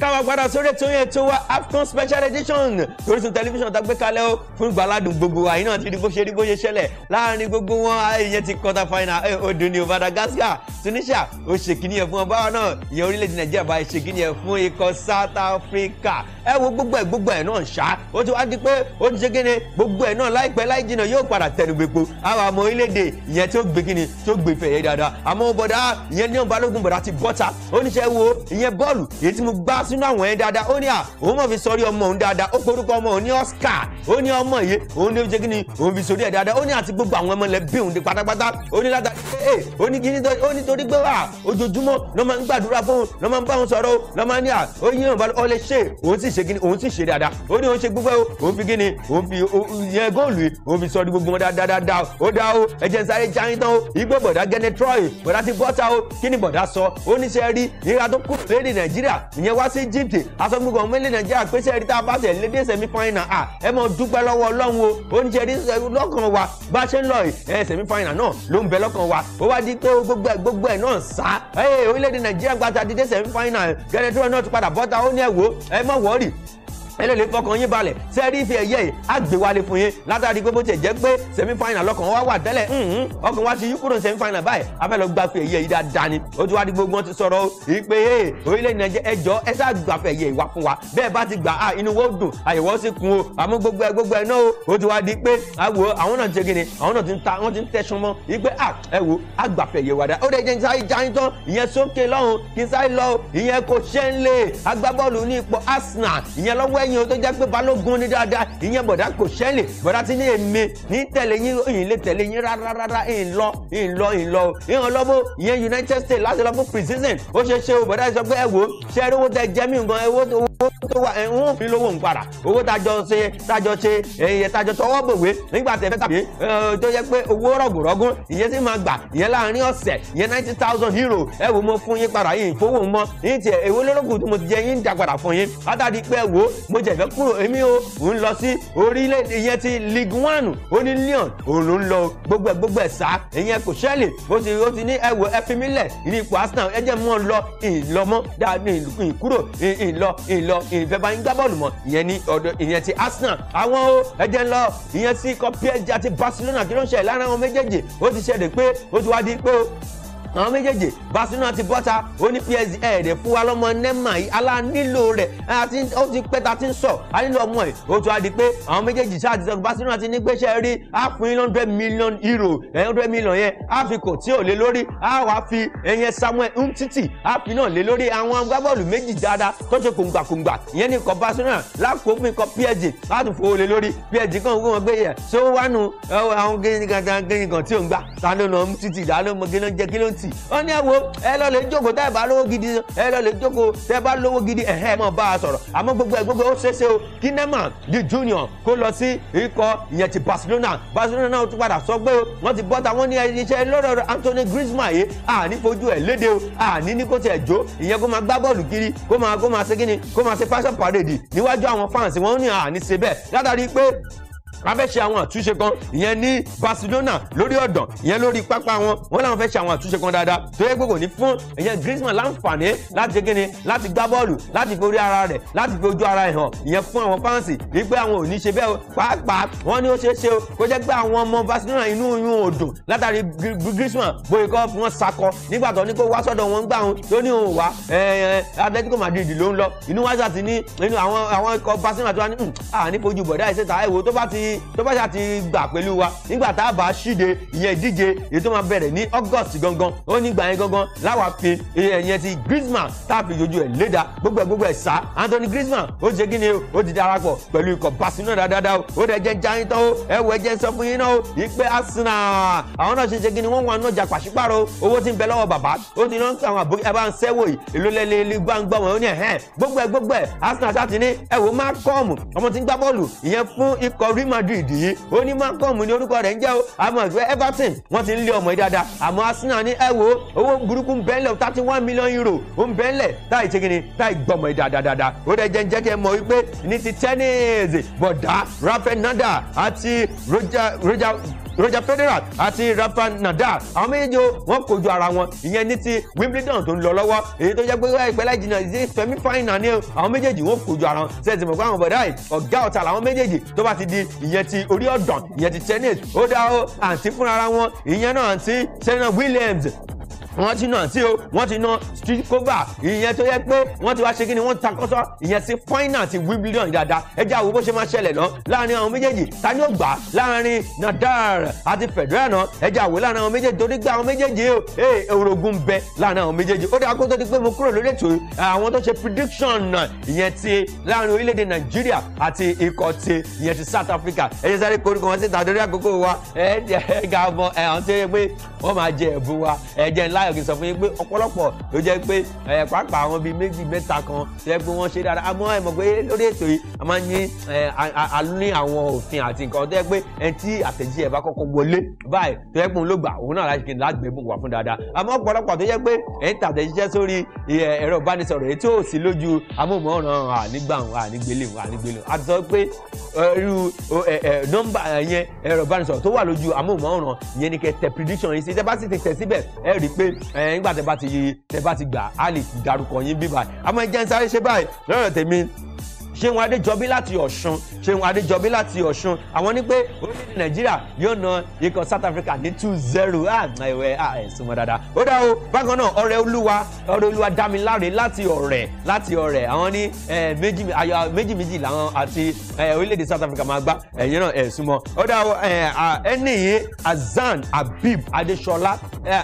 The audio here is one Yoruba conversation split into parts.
káwa gbádà sórí ètò yẹn tó wá AFCON special edition lórísun tẹlifíṣàn tá a gbé kalẹ̀ ó fún ìgbàládùn gbogbo àyín náà ti di bó ṣe rí bó ṣe ṣẹlẹ̀ láàrin gbogbo wọn ìyẹn ti quarter final odò ní Madagascar Tunisia ó ṣe kíní yẹn fún wọn báwa náà ìyẹn orílẹ̀-èdè Nàìjíríà bá ṣe kíní yẹn fún ikọ̀ South Africa ẹ wo gbogbo ẹ gbogbo ẹ náà ṣá ó ti wá di pé ó ti ṣe kíni gbogbo ẹ náà láìpẹ́ láì jìnnà yóò padà tẹnugbèpo àwọn àmọ́ orílẹ̀-èdè ìyẹn tó gbé kíni tó gbé fẹ̀yẹ dáadáa àmọ́ bọ̀dá ìyẹn ní ọ̀bálógún bọ̀dá ti bọ́ta oníṣẹ́ wo ìyẹn bọ́ọ̀lù èyí tí mo gbá sínú àwọn yẹn dáadáa ó ní à òun mọ̀ fi sọrí ọmọ òun dáadáa ó porúkọ ọmọ òun ní Oscar ó ní ọmọ yìí òun ní jẹ́ kí òun fi sórí ẹ̀ dáadáa ó ní àti gbogbo àwọn ọmọ ilẹ̀ bí òun di pátápátá ó ní látà ee ó ní kíni ó ní torí pé wà ojoojúmọ́ ló máa ń gbàdúrà fún un ló máa ń bá òun sọ̀rọ̀ ló máa ń ní à ó yí òun bá lè ṣe òun sì ṣe kíni òun sì ṣe dáadáa ó ní òun ṣe sí Egypt asọ́gbùgbọ̀ ọmọlẹ́ Nàìjíríà pèsè ẹ̀rí tá a bá tẹ̀ lédè sẹ́mi fáìnà à ẹ mọ dúpẹ́ lọ́wọ́ Ọlọ́run o ó ń ṣerí lọ́kàn wa bá ṣe ń lọ ẹ sẹ́mi fáìnà náà ló ń bẹ lọ́kàn wa ó wá di pé gbogbo ẹ̀ gbogbo ẹ̀ náà sá ẹ orílẹ̀-èdè Nàìjíríà gbàtà dídé sẹ́mi fáìnà gẹ́gẹ́ tí wọ́n náà ti padà bọ́ta ó ní ẹ̀wò ẹ mọ̀ wọ́ọ̀rì ẹlẹ́ lè fọkàn yín balẹ̀ sẹ́rí ife ẹ̀yẹ yìí á gbé wálé fún yín látàrí pé bó ti jẹ́ pé semi final ọkàn wa wà tẹ́lẹ̀ ọkàn wa ti yí kúrò semi final báyìí a fẹ́ lọ gba ife ẹ̀yẹ yìí dáadáa ni ó ti wá di gbogbo wọn ti sọ̀rọ̀ ìpè orílẹ̀ nàìjẹ́ ẹjọ́ ẹ sá gba ife ẹ̀yẹ ìwà fún wa bẹ́ẹ̀ bá ti gbà á ah, inú wo dùn àyẹ̀wò sì kún o àmọ́ gbogbo ẹ gbogbo ẹ náà o ó ti wá di pé àwò ah, àwọn náà ti gini àwọn náà ti ń ta wọ́n ti ń tẹ̀sán mọ́ ìpè à ah, ẹ wo á gba ife ẹ̀yẹ wa dáa ó dẹ̀ jẹ́ sáré jáyín tán ìyẹn sókè lọ́hùn kí sáré lọ ìyẹn kò ṣẹ́ ń lè agbábọ́ọ̀lù ní ipò Arsenal ìyẹn lọ́wọ́ lẹ́yìn o tó jẹ́ pé balógun ni dáadáa ìyẹn bọ̀dá kò ṣẹ́lẹ̀ bọ̀dá ti ní èmi ní tẹ̀lé yín ìyìn lè tẹ̀lé yín rárá ìyìn lọ ìyìn lọ ìyìn lọ ìyìn lọ bó ìyẹn United States láti lọ fún precision ó ṣe ṣe o bọ̀dá sọ pé ẹ wo ṣe ẹ rówó tẹ jẹ mí nǹkan owó tó wà ẹ ń fi lówó ń padà owó tájọ ṣe tájọ ṣe ẹyẹ tájọ tọwọ́ bòwe nígbà tẹ fẹ́ tàbí tó yẹ pé owó rọ̀gùrọ̀gùn ìyẹn sì máa gbà ìyẹn láàrin ọ̀sẹ̀ ìyẹn ninety thousand euro ẹ wò mo fún yín padà yìí ìfowó mọ́ ní tiẹ̀ èwo lórúkú tí mo ti jẹ yín ń dà padà fún yín látàdí pé ẹ wò mo mo jẹ̀ fẹ́ kúrò èmi o ń lọ sí orílẹ̀-èdè ti League One ó ní Lyon òun ló ń lọ gbogbo ẹ̀ gbogbo ẹ̀ sá ìyẹn kò ṣẹ́lẹ̀ bó ti ó ti ní ẹ̀wọ̀ ẹ fi mí lẹ̀ ní ipò Arsenal ẹ jẹ́ mọ́ lọ ìlọmọ́ dáadé ìkúrò ìlọ ìlọ ìfẹ́fà ń gbá bọ́ọ̀lù mọ́ ìyẹn ní ọ̀dọ̀ ìyẹn ti Arsenal àwọn o ẹ ń lọ ìyẹn sí kọ́ PSG àti Barcelona kí ló ń ṣẹlẹ̀ lára àwọn méjèèjì ó ti ṣẹlẹ̀ pé ó ti wá di pé àwọn méjèèjì Barcelona ti bọ́ta ó ní PSG ẹ̀ẹ́dẹ̀ fún wa lọ́mọ nema yìí alánílò rẹ̀ ó ti pẹ́ ta ti ń sọ anílò ọmọ ẹ̀ ó tún á pé àwọn méjèèjì ṣáà ti sọ Barcelona ti ní gbéṣẹ́ rí á hundred million euro hundred million yẹn á tí ò lé lórí á wàá fi ẹyẹn Samuel Umtiti á náà lé lórí àwọn agbábọ́ọ̀lù méjì dáadáa tó ṣe kòǹgbàkòǹgbà ìyẹn ní ikọ̀ Barcelona lákòókò ikọ̀ PSG á fowó lé lórí PSG kàn wọ́n gbé ọ́fíìsì wọ́n ní ẹ ah, wo ẹ lọ lè jókòó tẹ́ ẹ bá lówó gidi ẹ lọ lè jókòó tẹ́ ẹ bá lówó gidi ẹ̀hẹ́ ẹ mọ̀ bá a sọ̀rọ̀ àmọ́ gbogbo ẹ̀ gbogbo ó ṣeéṣe o kí di junior kó lọ sí ikọ̀ ìyẹn ti Barcelona Barcelona náà tún padà sọ pé wọ́n ti bọ́ta wọ́n ní iṣẹ́ lọ́dọ̀ Anthony Griezmann yìí àní fojú ẹ̀ léde o àní ní kó tiẹ̀ jó ìyẹn kó máa gbá bọ́ọ̀lù kiri kó máa kó máa ṣe kíni kó máa ṣe fashion parade níwájú àwọn fans wọ́n ní àní ṣe bẹ́ẹ̀ látàrí pé a ṣe àwọn àtúnṣe kan ìyẹn ní Barcelona lórí ọ̀dàn ìyẹn lórí pápá wọn wọn làwọn fẹ́ ṣe àwọn àtúnṣe kan dáadáa tó yẹ pé ní fún ìyẹn Griezmann láǹfààní láti ṣe kíni láti gbá bọ́ọ̀lù láti fi orí ara rẹ̀ láti fi ojú ara ẹ̀ hàn ìyẹn fún àwọn fáǹsì wípé àwọn ò ní ṣe bẹ́ẹ̀ pàápàá wọn ni ó ṣeé ṣe kó jẹ́ pé àwọn ọmọ Barcelona inú oyún odò látàrí Griezmann bóyá kọ́ wọn wọn ni tó bá ṣáà ti gbà pẹ̀lú wa nígbà tá a bá ṣíde ìyẹn ìdíje èyí tó máa bẹ̀rẹ̀ ní August gangan ó ní gbà gangan láwa fi ìyẹn ti Griezmann tá a ẹ̀ léda gbogbo ẹ̀ gbogbo ẹ̀ sá Anthony Griezmann ó ṣe kí ni ó ti darapọ̀ pẹ̀lú ikọ̀ Barcelona dáadáa ó dẹ̀ jẹ́ jáyín tán ó ẹ wọ ẹjẹ́ sọ fún yín náà ó ìpè Arsenal àwọn náà ṣe ṣe kí ni wọ́n wọn náà jà pàṣípàrọ̀ Madrid yìí ó ní Malcolm ní orúkọ rẹ̀ ń jẹ́ o àmọ́ ìgbẹ́ Everton wọ́n ti ń lé ọmọ yìí dáadáa àmọ́ Arsenal ní ẹ wo owó burúkú ń bẹ́ńlẹ̀ thirty one million euro ó ń bẹ́ńlẹ̀ táì ṣe kíni táì gbọmọ yìí dáadáa ó dẹ̀ jẹ́ ń jẹ́ kí ẹ mọ̀ wípé ní ti tennis bọ̀dá Rafael Nadal àti Roger Roger Roger Federer àti Rafael Nadal àwọn méjèèjì wọn kojú ara wọn ìyẹn ní ti Wimbledon tó ń lọ lọ́wọ́ èyí tó jẹ́ pé ẹgbẹ́ láì jìnnà sí semi final ni àwọn méjèèjì wọn kojú ara wọn sẹ́ẹ̀sì mọ̀ pé àwọn bọ̀dá yìí ọ̀gá ọ̀tá làwọn méjèèjì tó bá ti di ìyẹn ti orí ọ̀dàn ìyẹn ti tennis ó dá o àǹtí fúnra wọn ìyẹn náà àǹtí Serena Williams wọ́n ti nà sí o wọ́n ti nà strikova ìyẹn tó yẹ pé wọ́n ti wá ṣe kí ni wọ́n takọ́sọ́ ìyẹn sí final àti wimbledon dáadáa ẹ jẹ́ àwò bó ṣe máa ṣẹlẹ̀ náà láàrin àwọn méjèèjì ta ni ó gbà láàrin nadal àti federer náà ẹ jẹ́ àwò láàrin àwọn méjèèjì torí gbé àwọn méjèèjì o ee eh, orogún bẹ láàrin àwọn méjèèjì ó dáa kó tó di pé mo kúrò lórí ètò àwọn tó ṣe prediction náà ìyẹn ti láàrin orílẹ̀-èdè nàìjíríà àti ikọ̀ ti ìyẹn ti south africa ẹ jẹ́ sáré koríko wọn síta torí àkókò wa ẹ jẹ́ gàbọ̀ ẹ̀ àwọn tó yẹ pé wọ́n máa jẹ ẹ̀bù wa ẹ Káyọ̀dé sọ fún yín pé ọ̀pọ̀lọpọ̀ ló jẹ́ pé ẹ̀ pàápàá àwọn bíi méjì mẹ́ta kan tó jẹ́ pé wọ́n ṣe dáadáa àmọ́ ẹ̀ mọ̀ pé lórí ètò yìí a máa ń ní alúní àwọn òfin àti nǹkan tó jẹ́ pé ẹni tí àtẹ̀jí ẹ̀ bá kọ́kọ́ wọlé báyìí tó jẹ́ pé òun ló gbà òun náà láti kìnnìkan láti gbẹ̀bùn wà fún dáadáa àmọ́ ọ̀pọ̀lọpọ̀ tó jẹ́ pé ẹ̀ ń tàtẹ̀jíṣẹ́ sórí ẹ̀rọ ìbánisọ̀rọ̀ èyí tí ò sí lójú amóhùnmáwòrán ànígbà ànígbélé ànígbélé àti sọ pé irú nọ́mbà yẹn ẹ̀rọ ìbánisọ̀rọ̀ tó wà lójú amóhùnmáwòrán yẹn ni kẹ́ tẹ̀ prediction yìí sí tẹ́ bá sì ti tẹ̀ síbẹ̀ ẹ rí i pé ẹ nígbà tẹ bá ti tẹ bá ti gbà á lè darúkọ yín bíbáyìí àmọ́ ẹ jẹ́ ń sáré ṣe báyìí lọ́rọ̀ tèmi ṣéun adéjọbí láti ọ̀ṣun ṣéun adéjọbí láti ọ̀ṣun àwọn ní pé orílẹ̀-èdè nàìjíríà yóò na ikọ̀ south africa ní two zero àìwẹ̀ ah, ah, àìsùnmọ̀ dáadáa ó dá o bákan náà ọrẹ olúwa ọrẹ olúwa dámiláre láti ọ̀rẹ́ láti ọ̀rẹ́ àwọn ní méjì méjì làwọn àti orílẹ̀-èdè south africa máa gbá ẹ̀yìn náà ẹ̀sùnmọ̀ ó dá o ẹni azan abib adéṣọlá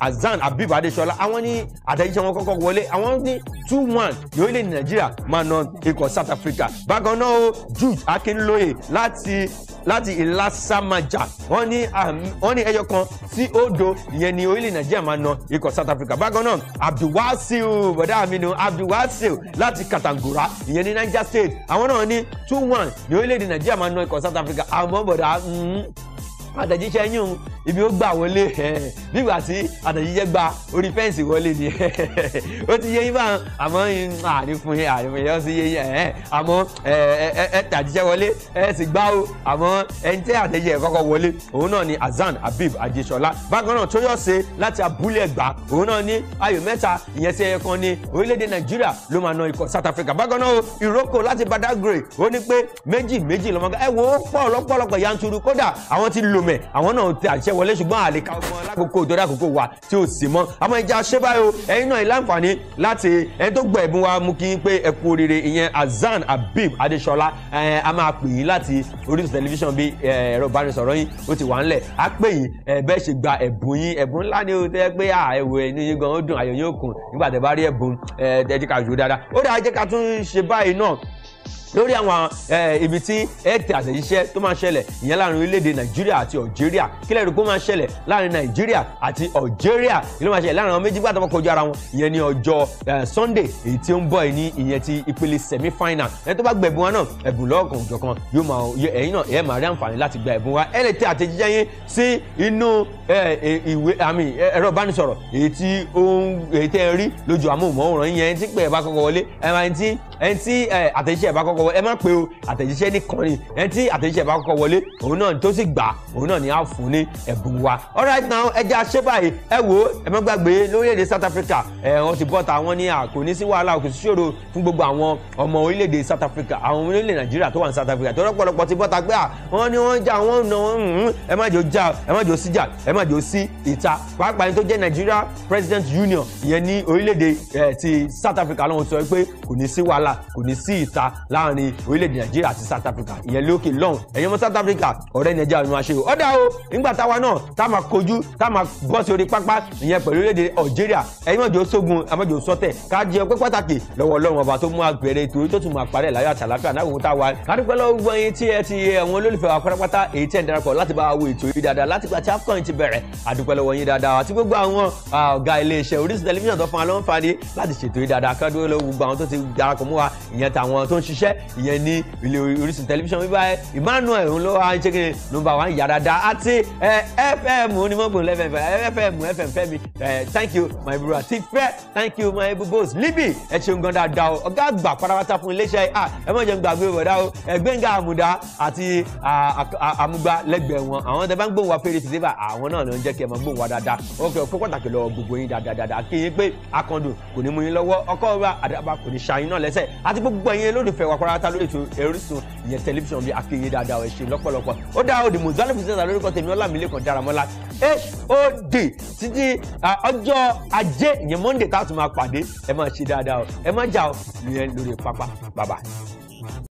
azan abib adéṣọlá àwọn ní àtẹ̀jíṣẹ́ wọn kọ́kọ́ wọlé àwọn ní two one ní orílẹ̀-èdè nàìjíríà south africa bákan o jude Akinloye, láti láti Ilasamaja, wọ́n ní wọ́n ní ẹyọ kan sí òdo ìyẹn ni orílẹ̀ nàìjíríà máa na ikọ̀ south africa bákan náà abdulwasil bọ̀dá aminu abdulwasil láti katangura ìyẹn ní niger state àwọn náà ní two one ní orílẹ̀ èdè nàìjíríà máa na ikọ̀ south africa àmọ́ bọ̀dá mm, àtẹ̀jíṣẹ́ yún ibi ó gbà wọlé nígbà tí àtẹ̀jíṣẹ́ gba orí fẹ́ǹsì wọlé ni ó ti yé yín báwọn àmọ́ àrífún yín àrífún yín ó sì yé yín àmọ́ ẹ tàjíṣẹ́ wọlé ẹ sì gbá o àmọ́ ẹni tẹ́ àtẹ̀jíṣẹ́ kọ́kọ́ wọlé òun náà ni Hasan Habib Ajíṣọlá bákan náà Tóyọ̀sé láti abúlé Ẹ̀gbá òun náà ní ayò mẹ́ta ìyẹn sí ẹyẹ kan ní orílẹ̀-èdè Nàìjíríà ló máa na ikọ̀ South Africa bákan náà Iroko láti Badagry ó ní pé méjì méjì lọ́mọ government àwọn náà ti àṣẹ wọlé ṣùgbọ́n àlè ká ọmọ alákòókò ìtọ́jú àkókò wa tí ò sí mọ́ àmọ́ ìjà ṣe báyìí o ẹ̀yin náà láǹfààní láti ẹni tó gbọ́ ẹ̀bùn wa mú kí n pé ẹ oríire ìyẹn Hasan Habib Adesola a máa pè yín láti Orísun tẹlifíṣàn bí ẹ̀rọ ìbánisọ̀rọ̀ yín ó ti wà ńlẹ̀ á pè yín bẹ́ẹ̀ ṣe gba ẹ̀bùn yín ẹ̀bùn ńlá ni o tẹ́ pé ẹ̀wò ẹ̀nu yín gan ó dùn ayọ̀ lórí àwọn ibi tí ẹ̀ẹ́dì àtẹ̀jíṣẹ́ tó máa ṣẹlẹ̀ ìyẹn láàrin orílẹ̀-èdè nàìjíríà àti algeria kílẹ̀ rí kó máa ṣẹlẹ̀ láàrin nàìjíríà àti algeria ìlú máa ṣẹlẹ̀ láàrin àwọn méjì gbàtọ́ kọjú ara wọn ìyẹn ní ọjọ́ sunday èyí tí ó ń bọ̀ ẹ̀ ní ìyẹn ti ìpele semi final ẹni tó bá gba ẹ̀bùn wa náà ẹ̀bùn lọ́ọ̀kan òjọ̀kan yóò máa ẹ̀yin náà ẹ̀ máa rí àǹfààní láti gba ẹ̀bùn wa ẹ̀ lè tẹ àtẹ̀jíṣẹ́ yín sí inú e, ìwé àmì ẹ̀rọ ìbánisọ̀rọ̀ èyí tí ẹni tí àtẹ̀jíṣẹ́ bá kọ́kọ́ wọlé ẹ má pe o àtẹ̀jíṣẹ́ nìkan ni ẹni tí àtẹ̀jíṣẹ́ bá kọ́kọ́ wọlé òun náà tó sì gbà òun náà ni á fún ní ẹ̀bùn wa. all right now ẹja ṣé báyìí ẹ wò ó ẹ má gbàgbé lórílẹ̀‐èdè South Africa ẹ wọ́n ti bọ́ta wọn ní àkò ní sí wàhálà kò sí ṣòro fún gbogbo àwọn ọmọ orílẹ̀‐èdè South Africa àwọn orílẹ̀ Nàìjíríà tó wà ní South Africa tó rọ́pọ̀lọpọ̀ ti bọ́ta gbé à wọ́n ní wọ́n jà wọ́n nà wọ́n ẹ má jò já ẹ má jò sí jà ẹ Nigeria President Union ìyẹn ní orílẹ̀‐èdè South Africa lọ́wọ́ sọ pé kò ní sí wàhálà kò ní sí ìta láàrin orílẹ̀-èdè nàìjíríà àti south africa ìyẹn lókè lọ́hùn ẹ̀yin ọmọ south africa ọ̀rẹ́ nàìjíríà ni wọ́n ṣe o ọ̀dà o nígbà táwa náà tá máa kojú tá máa bọ́ sí orí pápá ìyẹn pẹ̀lú orílẹ̀-èdè algeria ẹ̀yin mọ̀jọ́ sógun amọ̀jọ́ sọ́tẹ̀ ká jẹ ọpẹ́ pàtàkì lọ́wọ́ ọlọ́run ọba tó mú àgbẹ̀rẹ̀ torí tó tún máa parẹ́ láyọ̀ àtàláfíà náà wò táwa kádùpẹ́ lọ́wọ́ gbọ́n yín tí ẹ ti àwọn olólùfẹ́ wa pátápátá èyí tẹ̀ ń darapọ̀ láti bá wo ètò yìí dáadáa láti gba tí AFCON ti bẹ̀rẹ̀ àdúpẹ́ lọ́wọ́ yín dáadáa fún wa ìyẹn tàwọn tó ń ṣiṣẹ́ ìyẹn ní ilé Orísun tẹlifíṣàn wípé Emmanuel ń wá ń ṣe kí ni nọ́mbà wá ń yára dá àti FM onímọ̀gbọ̀n lẹ́fẹ̀ẹ́ FM FM Fẹ́mi thank you my brother. àti fẹ́ thank you my bubos Libi ẹ ṣeun gan dáadáa o ọ̀gá àgbà pátápátá fún iléeṣẹ́ à ẹ mọ̀ jẹun gbàgbé bọ̀dá o ẹgbẹ́ngà àmúdá àti àmúgbá lẹ́gbẹ̀ẹ́ wọn àwọn tẹ bá ń gbóhùn wa fèrè títí àwọn náà ló ń jẹ́ kí ẹ máa gbóhùn wa dáadáa ok ọkọ pàtàkì lọ gbogbo yín dáadáa kí yín pé akọ̀ndùn kò ní mú yín lọ́wọ́ ọkọ̀ wa àdàbà kò ní ṣàyín sílẹ̀ àti gbogbo ẹ̀yin olólùfẹ́ wa pátá lórí ètò Orísun ìyẹn tẹlifíṣàn bíi akéye dáadáa ẹ ṣé lọ́pọ̀lọpọ̀ ó dá òde mozambique sẹ́ńtà lórúkọ tèmi ọlámilẹ́kan dáramọ́lá hod títí ọjọ́ ajé ìyẹn monday tá a tún máa pàdé ẹ máa ṣe dáadáa ẹ má jà ìyẹn lórí pápá bàbá.